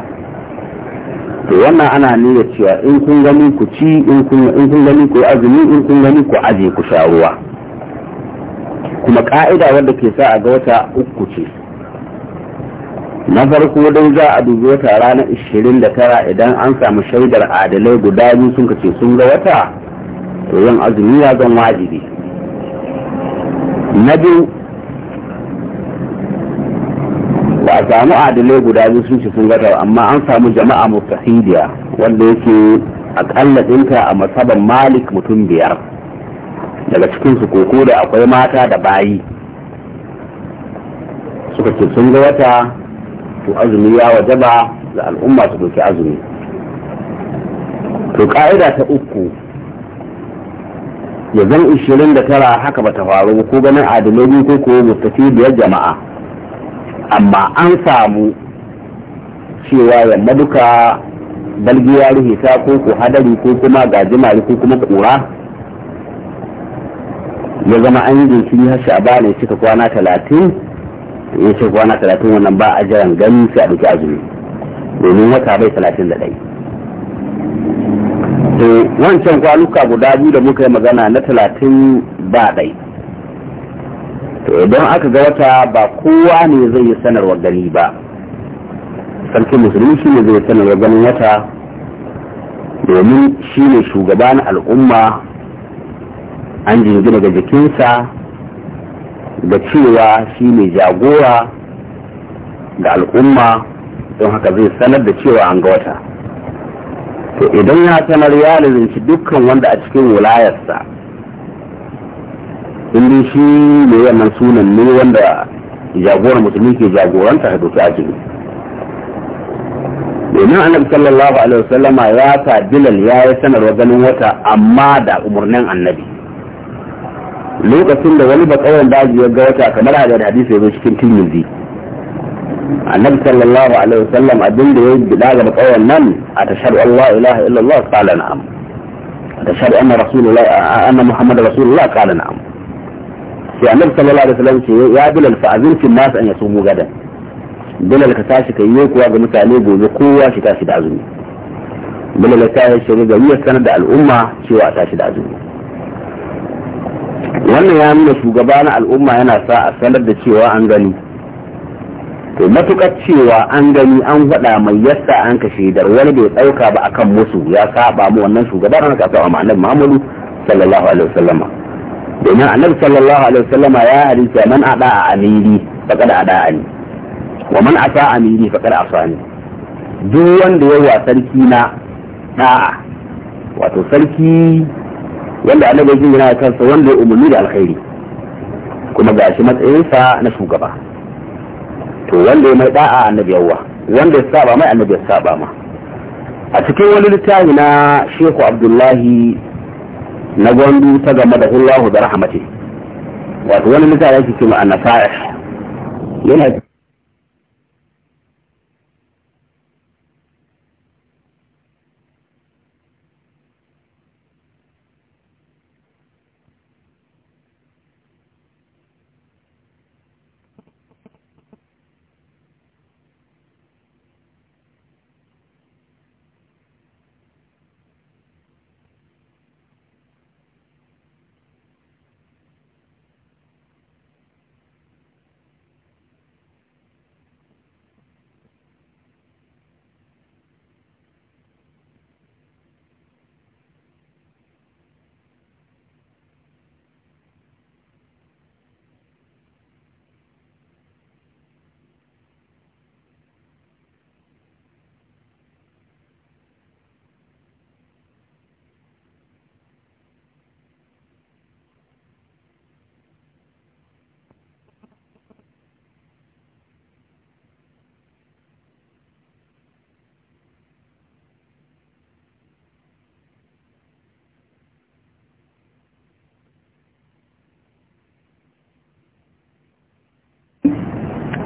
to wannan ana niyya cewa in kun gani ku ci in kun gani ku azumi in kun gani ku aje ku sha ruwa kuma ka'ida wanda ke sa a ga wata uku ce na farko don za a dubi wata ranar ishirin da tara idan an samu shaidar adalai guda biyu sun kace sun ga wata to yin azumi ya zan wajibi na biyu a samu adalai guda biyu sun ci sun gata amma an samu jama'a mutahidiya wanda yake akalla ɗinka a masaban malik mutum biyar daga cikinsu koko da akwai mata da bayi suka ce sun ga wata to azumi ya wajaba da al'umma su doki azumi to ka'ida ta uku ya zan 29 haka ba ta faru ko ganin adalai ko ko biyar jama'a amma an samu cewa yamma duka balgi ya ruhita ko ko hadari ko kuma gajimari ko kuma kura ya zama an yi jinkiri har sha'aba ne cika kwana talatin ya ce kwana talatin wannan ba a jiran gani sai a duki azumi domin wata bai talatin da ɗai to wancan kwanuka guda biyu da muka yi magana na talatin ba ɗai to idan aka ga wata ba kowa ne zai yi sanarwa gani ba sarki musulmi shi ne zai sanarwa ganin wata domin shi ne shugaba na al'umma an jingina ga jikinsa da cewa shi ne jagora ga al'umma don haka zai sanar da cewa an ga wata to idan ya sanar ya lalace dukkan wanda a cikin wulayarsa. in shi ne wannan sunan ne wanda jagoran musulmi ke jagoranta ya doki azumi domin annabi sallallahu alaihi wasallama ya ta bilal ya yi sanarwa ganin wata amma da umarnin annabi lokacin da wani bakawar daji ya ga wata kamar da hadisi ya zo cikin tilmizi annabi sallallahu alaihi wasallam abin da ya gida ga bakawar nan a tashar Allah ilaha illallah qala na'am tashar anna rasulullah anna muhammad rasulullah qala na'am sai annabi sallallahu alaihi wasallam ce ya bilal fa azinkin nasu an yasumu gadan bilal ka tashi ka yi kuwa ga mutane gobe kowa shi tashi da azumi bilal ya tashi shi ga wiyar sanar da al'umma cewa tashi da azumi wannan ya nuna shugaba na al'umma yana sa a sanar da cewa an gani to matukar cewa an gani an faɗa mai yasa an kashe dar wani bai ɗauka ba akan musu ya saba mu wannan shugabana ana kasa ma'anar muhammadu sallallahu alaihi wasallama domin annabi sallallahu alaihi wasallam ya hadisi man ada a amiri faqad ada ani wa man asa amiri faqad asani duk wanda yayi wa sarki na da'a wato sarki wanda annabi ya jira kansa wanda ya umarni da alkhairi kuma ga shi matsayinsa na shugaba to wanda ya mai da'a annabi yawa wanda ya saba mai annabi ya saba ma a cikin wani littafi na Sheikh Abdullahi na gwandu ta game da hulahu da rahmati wato wani mutane yake cewa annasa'ih yana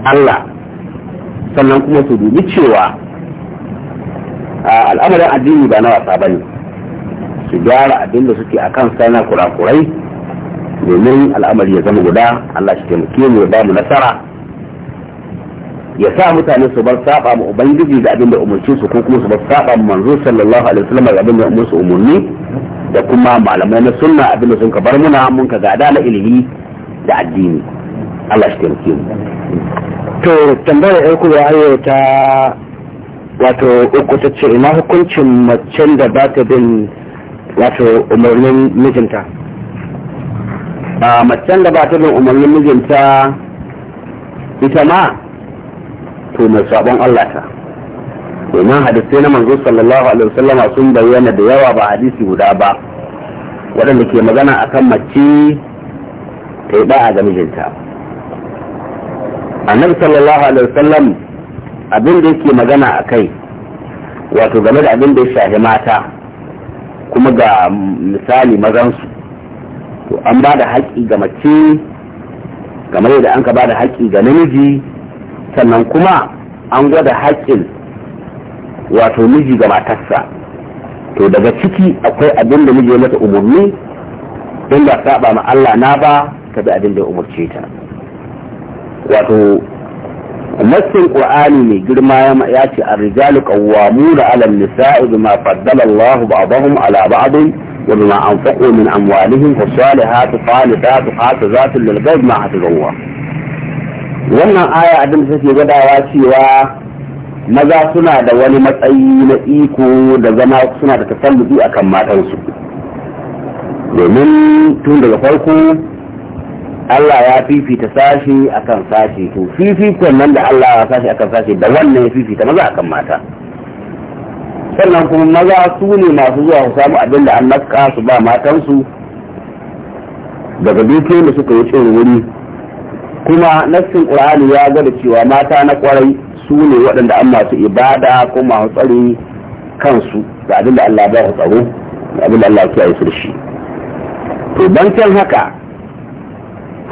Allah sannan kuma su dubi cewa al'amarin addini ba na wasa ba ne su gyara abin da suke a kan sana kurakurai domin al'amari ya zama guda Allah shi taimake mu ya ba mu nasara ya sa mutane su bar saba mu ubangiji da abin da umurce su ko kuma su bar saba mu manzo sallallahu alaihi wasallam da abin da umurce umurni da kuma malamai na sunna abin da sun ka bar muna mun ka gada na ilimi da addini Allah shi taimake mu to tambayar ɗan kuma ayo ta wato uku ta ce ina hukuncin macen da ba ta bin wato umarnin mijinta a macen da ba ta bin umarnin mijinta ita ma to mai sabon Allah ta domin hadisai na manzo sallallahu alaihi wasallam sun bayyana da yawa ba hadisi guda ba waɗanda ke magana akan mace ta yi ba'a ga mijinta annabi sallallahu alaihi wasallam abin da yake magana a kai wato game da abin da ya shafi mata kuma ga misali mazansu to an ba da haƙƙi ga mace kamar yadda an ka ba da haƙƙi ga namiji sannan kuma an gwada haƙƙin wato miji ga matarsa to daga ciki akwai abin da miji ya mata umarni don ba saba ma Allah na ba ta bi abin da ya umarce ta wato nassin qur'ani mai girma ya ce ar-rijalu qawwamuna 'ala an-nisa'i bima faddala Allahu ba'dahum 'ala ba'din wa bima anfaqu min amwalihim fasalihatu qanitatu hafizatu lil-ghaib ma hafizallah wannan aya abin da take gadawa cewa maza suna da wani matsayi na iko da zama suna da tasalluki akan matansu domin tun daga farko Allah ya fifita sashi akan sashi to fifikon nan da Allah ya sashi akan sashi da wannan ya fifita maza akan mata sannan kuma maza su ne masu zuwa su samu abin da an su ba matansu daga dukiyoyin da suka yi cin wuri kuma nassin qur'ani ya gada cewa mata na kwarai su ne waɗanda an masu ibada ko masu tsare kansu da abin da Allah ba su tsaro da abin da Allah ya kiyaye su da shi to bankin haka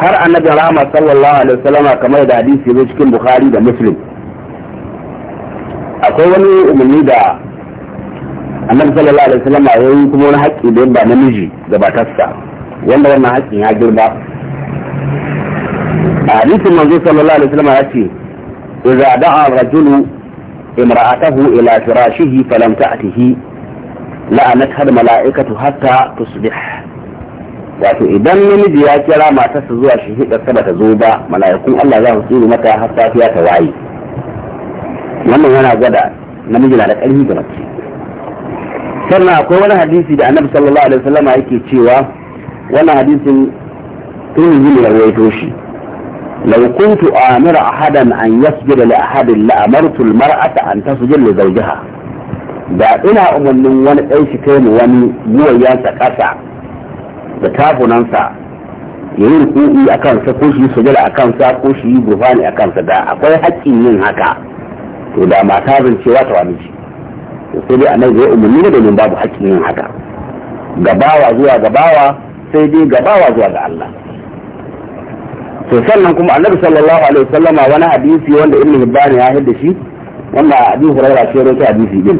har annabi rahama sallallahu alaihi wasallam kamar da hadisi ne cikin bukhari da muslim akwai wani umarni da annabi sallallahu alaihi wasallam ya yi kuma wani haƙƙi da ba namiji gabatarsa wanda wannan haƙƙin ya girma a hadisin manzo sallallahu alaihi wasallam ya ce idza da'a rajulu imra'atahu ila firashihi falam ta'tihi la'anat al-mala'ikatu hatta tusbih wato idan namiji ya kira matarsa zuwa shi hidarsa ta zo ba mala'ikun Allah za su tsiri mata har safiya ta waye wannan yana gwada namiji na da ƙarfi ga mace sannan akwai wani hadisi da annabi sallallahu alaihi wasallam yake cewa wannan hadisin turmi ne rawaito shi لو كنت آمر أحدا أن يسجد لأحد لأمرت المرأة أن تسجد لزوجها da ina umarnin wani ɗan shi kai mu wani yiwa ya ƙasa da tafunansa ya yi ruku'i a kansa ko shi sujada a kansa ko shi yi burfani a kansa da akwai haƙƙin yin haka to da mata cewa ta wani ci to sai dai annabi ya umarni ne domin babu haƙƙin yin haka gabawa zuwa gabawa sai dai gabawa zuwa ga Allah to sannan kuma annabi sallallahu alaihi wasallama wani hadisi wanda ibnu hibban ya haddace shi wanda abi hurairah ce rawaito hadisi din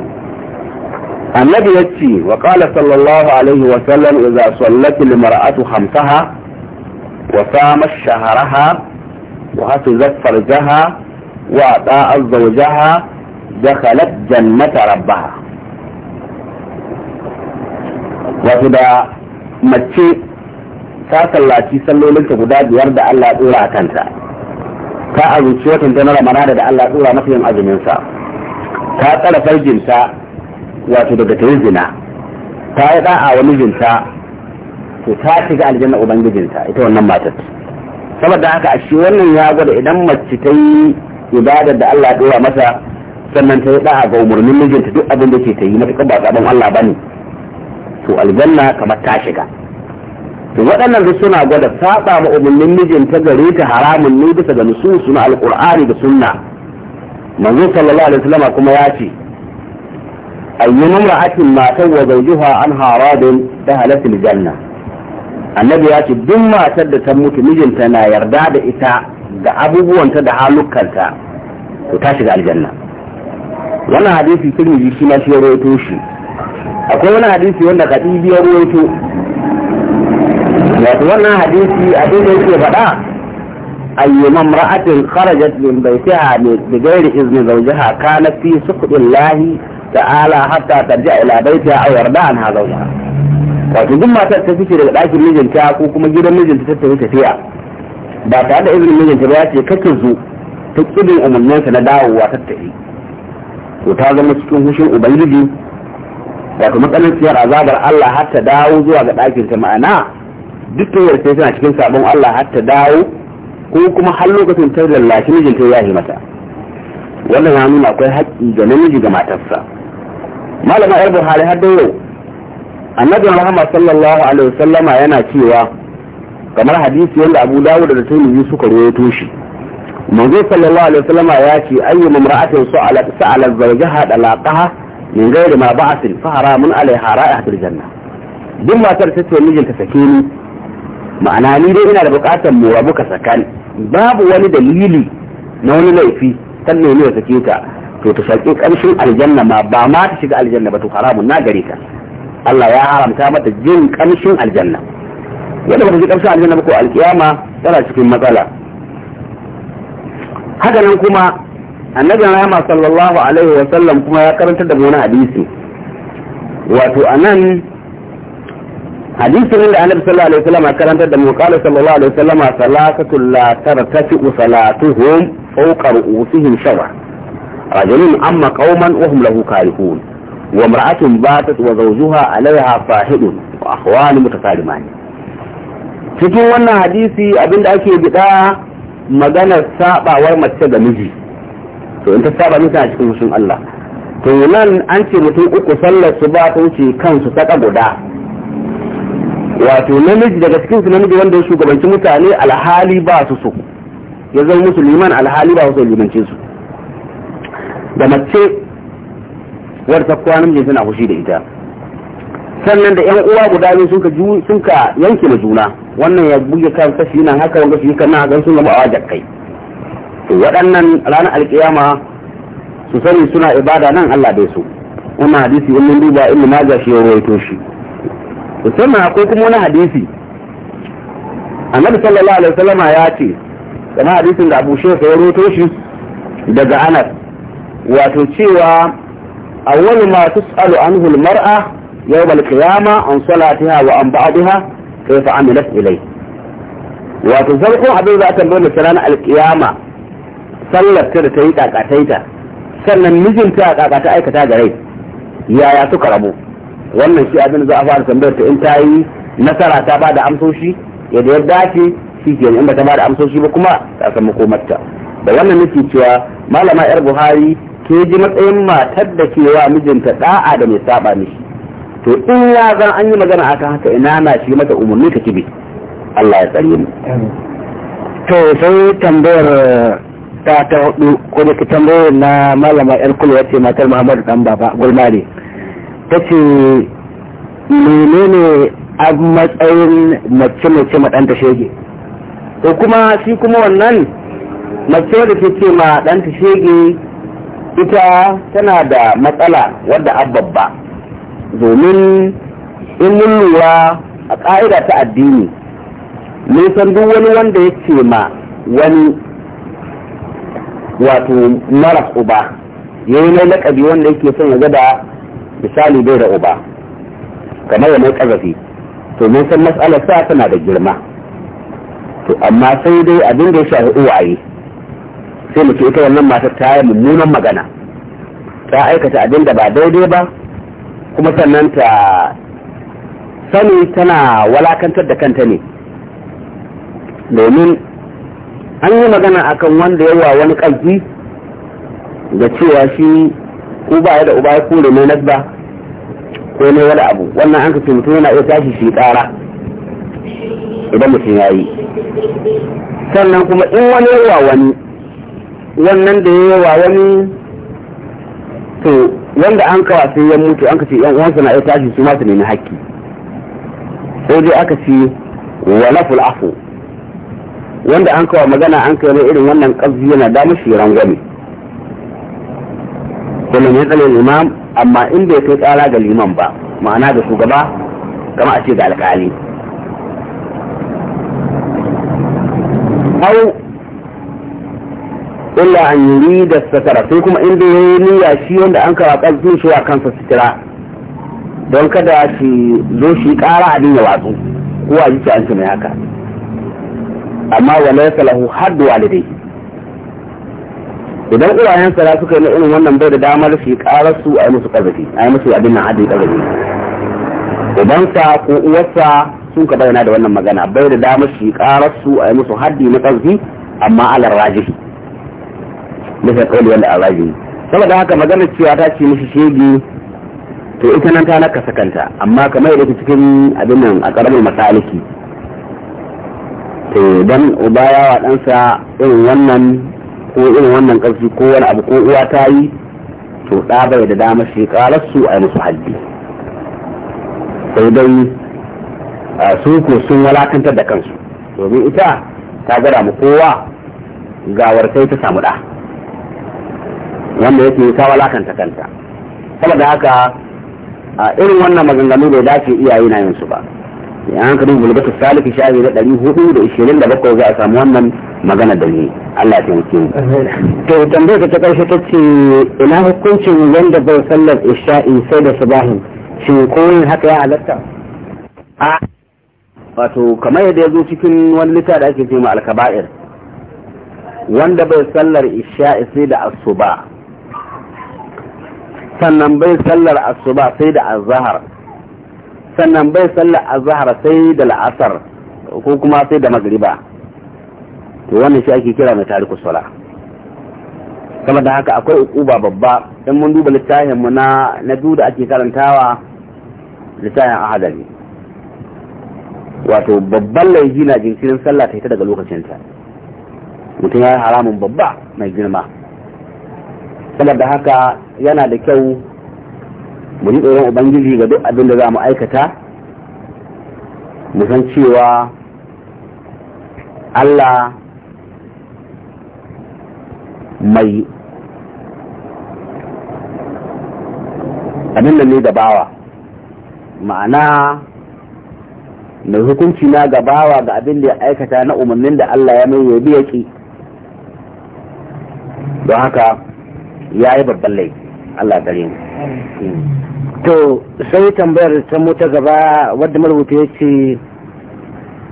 النبي يتي وقال صلى الله عليه وسلم إذا صلت المرأة خمسها وصامت شهرها وهت فرجها وأطاء زوجها دخلت جنة ربها وفي ذا مجي ساس الله تي صلو لك بداد ورد الله أولا كانت فأذو شوة انتنا رمنا رد الله أولا مخيم أجمين سا wato daga ta zina ta yi da'a wa mijinta to ta shiga aljanna ubangijinta ita wannan matar saboda haka ashe wannan ya gwada idan mace ta yi ibadar da Allah ya mata sannan ta yi da'a ga umarnin mijinta duk abin da ke ta yi matuƙar ba sabon Allah bane to aljanna kamar ta shiga to waɗannan da suna gwada saba ma umarnin mijinta gare ta haramun ne bisa ga nususu na alƙur'ani da sunna manzo sallallahu alaihi wasallam kuma ya ce ayyun imra'atin matan wa zawjuha an haradin da halatul janna annabi ya ce duk matar da ta mutu mijinta na yarda da ita da abubuwanta da halukanta to ta shiga aljanna wannan hadisi tirmidhi shi ma shi ya shi akwai wani hadisi wanda kadibi ya rawaito wato wannan hadisi abin da yake faɗa ayyuma imra'atin kharajat min baytiha bi ghairi izni zawjiha kanat fi suqdillahi ta'ala hatta tarji ila baita aw yarda an hadha wato duk matar ta fice daga dakin mijinta ko kuma gidan mijinta ta tafi tafiya ba tare da izinin mijinta ba ya ce kake zo ta kidin umarninsa na dawowa ta tafi to ta zama cikin hushin ubangiji wato matsalanciyar azabar Allah har ta dawo zuwa ga ɗakin ta ma'ana duk tawar sai tana cikin sabon Allah har ta dawo ko kuma har lokacin ta lallashi mijinta ya yi mata wannan ya nuna akwai haƙƙi ga namiji ga matarsa malama yar buhari har da yau annabi muhammad sallallahu alaihi wasallama yana cewa kamar hadisi wanda abu dawud da tirmidhi suka rawaito shi manzo sallallahu alaihi wasallama ya ce ayyu mamra'atin su'alat sa'ala zawjaha dalaqaha min ghairi ma ba'asin fa haramun alaiha ra'ihatul janna duk matar tace ce mijinta sake ni ma'ana ni dai ina da bukatar mu rabu ka sakani babu wani dalili na wani laifi sannan ne ya sake ta to ta shaƙi ƙarshen aljanna ma ba ma ta shiga aljanna ba to haramun na gare ta Allah ya haramta mata jin ƙarshen aljanna yadda ba ta ji ƙarshen aljanna ba ko alƙiyama tana cikin matsala haka nan kuma annabin rahama sallallahu alaihi wa sallam kuma ya karanta da wani hadisi wato anan hadisin da annabi sallallahu alaihi wa sallam ya karanta da mu qala sallallahu alaihi wa sallam salatatul la tartafi salatuhum fawqa ru'usihim shawa wa رجل أما قوما وهم له كارهون وامرأة باتت وزوجها عليها فاحد وأخوان متكالمان cikin wannan hadisi abinda ake bida maganar sabawar mace da miji to in ta saba miji a cikin hushin Allah to nan an ce mutum uku sallar su ba ta wuce kansu ta guda wato namiji daga cikin su namiji wanda ya shugabanci mutane alhali ba su so ya zama musulman alhali ba su limancin su da mace wadda kowa namiji suna fushi da ita sannan da yan uwa guda biyu sun ka sun ka yanke da juna wannan ya buge kan kashi nan haka wanda shi kana ga sun a wajen kai to waɗannan ranar alkiyama su sani suna ibada nan Allah bai so wannan hadisi in mun duba in maja shi ya rawaito shi to sannan akwai kuma wani hadisi annabi sallallahu alaihi wasallama ya ce kana hadisin da Abu Shaykh ya rawaito shi daga Anas wato cewa awwalu masu tus'alu anhu al-mar'a yawm al an salatiha wa an ba'daha kayfa amilat ilay wato zarkon abin za ta bayyana ranar al sallar ta da ta yi kakataita sannan mijinta kakata aikata gare yaya suka rabu wannan shi abin za a fara tambayar ta in ta yi nasara ta ba da amsoshi yadda ya dace shi ke in ba ta ba da amsoshi ba kuma ta san komarta. da wannan nake cewa malama yar buhari ke ji matsayin matar da ke wa mijinta da'a da mai saba mishi to in ya zan an yi magana kan haka ina na shi mata umarni ka kibi Allah ya tsari mu to sai tambayar ta ta hudu ko da tambayar na malama yar kulwa ce matar Muhammadu dan baba gulmare tace menene a matsayin mace mace maɗanta shege ko kuma shi kuma wannan mace da ke ce ma shege ita tana da matsala wadda ababba domin in mun a ƙa'ida ta addini nisan duk wani wanda ya ce ma wani wato mara uba ya yi lakabi wanda yake son ya gada misali bai da uba kamar ya mai ƙazafi to mai san matsalar sa tana da girma to amma sai dai abin da ya shafi uwaye sai mu ce ita wannan matar ta yi mummunan magana ta aikata abin da ba daidai ba kuma sannan ta sani tana walakantar da kanta ne domin an yi magana akan wanda yawa wani ƙarfi da cewa shi ko ba ya da uba ya kure mai nasba ko ne wani abu wannan an kasu mutum yana iya tashi shi tsara idan mutum ya yi sannan kuma in wani yawa wani wannan da ya wa wani to wanda an kawa sai ya mutu an kace yan uwansa na ya tashi su ma su nemi haƙƙi sai dai aka ce walaful afu wanda an kawa magana an kai irin wannan ƙarfi yana da mushi rangwame kullum ya tsale imam amma in bai kai tsara ga liman ba ma'ana da shugaba kama a ce ga alƙali illa an yuri da satara sai kuma inda ya yi niyya shi wanda an kawo ƙarfin shi wa kansa sutura don kada shi zo shi ƙara abin ya watsu ko a ce an mai haka amma wala ya salahu da walidai idan uwayen sara suka yi irin wannan bai da damar shi ƙarar su a yi musu ƙarfi a yi musu abin na hadin ƙarfi idan sa ko uwarsa sun ka bayyana da wannan magana bai da damar shi ƙarar su a yi musu haddi na ƙarfi amma alar rajihi nufin kauli wanda arabi saboda haka magana cewa ta ce mishi shege to ita nan ta naka sakanta amma kamar yadda cikin abin nan a karamar masaliki to dan uba ya wa ɗansa irin wannan ko irin wannan ƙarfi ko wani abu ko uwa ta yi to ɗa bai da dama shi ƙarar su a musu haddi sai dai su ko sun walakantar da kansu domin ita ta gara mu kowa sai ta samu ɗa wanda yake ta walakanta kanta saboda haka a irin wannan maganganu bai dace iyaye na yin su ba ya an kadu bulgatu salifi shafi da ɗari hudu da ishirin da bakwai za a samu wannan magana da ni Allah ta muke to tambayar ta karshe ta ce ina hukuncin wanda bai sallar isha'i sai da subahin shin koyin haka ya halatta a wato kamar yadda ya zo cikin wani litta da ake ce al alkaba'ir wanda bai sallar isha'i sai da asuba sannan bai sallar asuba sai da azahar sannan bai sallar azahar sai da la'asar ko kuma sai da magriba to wannan shi ake kira mai tariku sala saboda haka akwai ukuba babba in mun duba littafin mu na na biyu da ake karantawa littafin ahadari wato babban laifi na jinkirin sallah ta ita daga lokacinta mutum ya yi haramun babba mai girma saboda haka yana da kyau mu yi tsoron ubangiji ga duk abin da za mu aikata mu san cewa allah mai abin da ne da bawa ma'ana mai hukunci na gabawa ga abin da ya aikata na umarnin da allah ya mai yabi ki, don haka ya yi babban laifi Allah gare mu to sai tambayar ta mu gaba wadda marubuta ya ce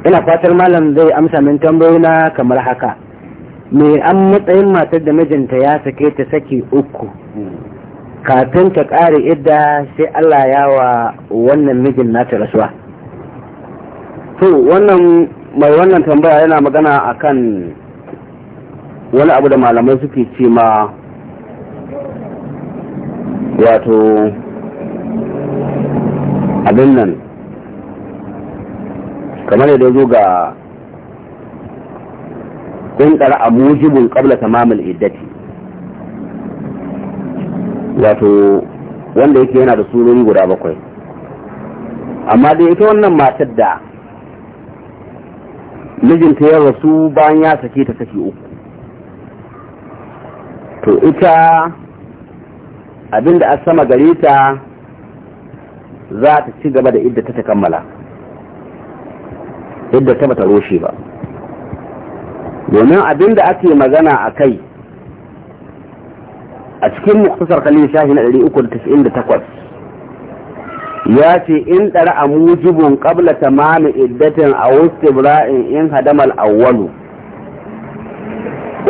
ina fatar malam zai amsa min tambayoyina kamar haka me an matsayin matar da mijinta ya sake ta saki uku kafin ta ƙare idda sai Allah ya wa wannan mijin nata rasuwa to wannan mai wannan tambaya yana magana akan wani abu da malamai suke cewa wato abin nan kamar yadda zo ga kun a mujibin kabla tamamul iddati wato wanda yake yana da sunoni guda bakwai amma da ita wannan matar da mijinta ya rasu bayan ya sake ta saki uku to ita abinda a sama gare ta za ta ci gaba da idda ta ta kammala idda ta bata roshe ba domin abinda ake magana a kai a cikin muktasar kalin shahi na 398 ya ce in ɗara a mujibin ƙabla ta mami iddatin a wasu ibra'in in hadamal awwalu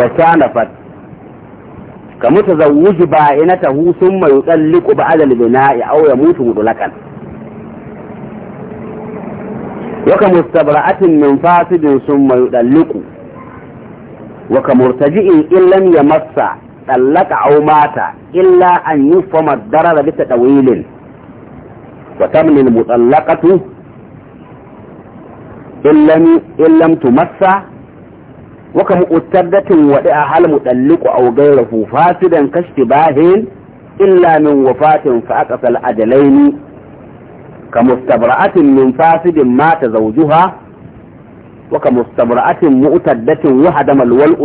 wa sanafat كمتزوج بائنته ثم يطلق بعد البناء أو يموت مطلقا وكمستبرأة من فاسد ثم يطلق وكمرتجئ إن لم يمس طلق أو مات إلا أن يفهم الضرر بتطويل وتمن المطلقة إن لم, إن لم تمس waka datin waɗi a hal mudalliqu aw ghayruhu fasidan kashtibahin illa min wafatin fa aqsal ajalaini كمستبرأة من فاسد مات datin wahadama مؤتدة وحدم الولء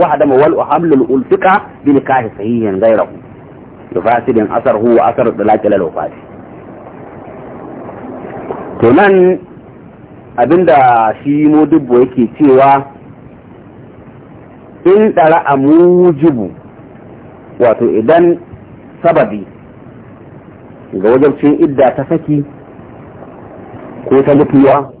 وحدم ولء sahihin الألفقة بنكاح صحيح asar لفاسد أثر هو أثر الطلاق إلى To nan abinda shi dubbo yake cewa in ɗara a mujibu wato idan sababi ga wajabcin idda ta saki ko ta mutuwa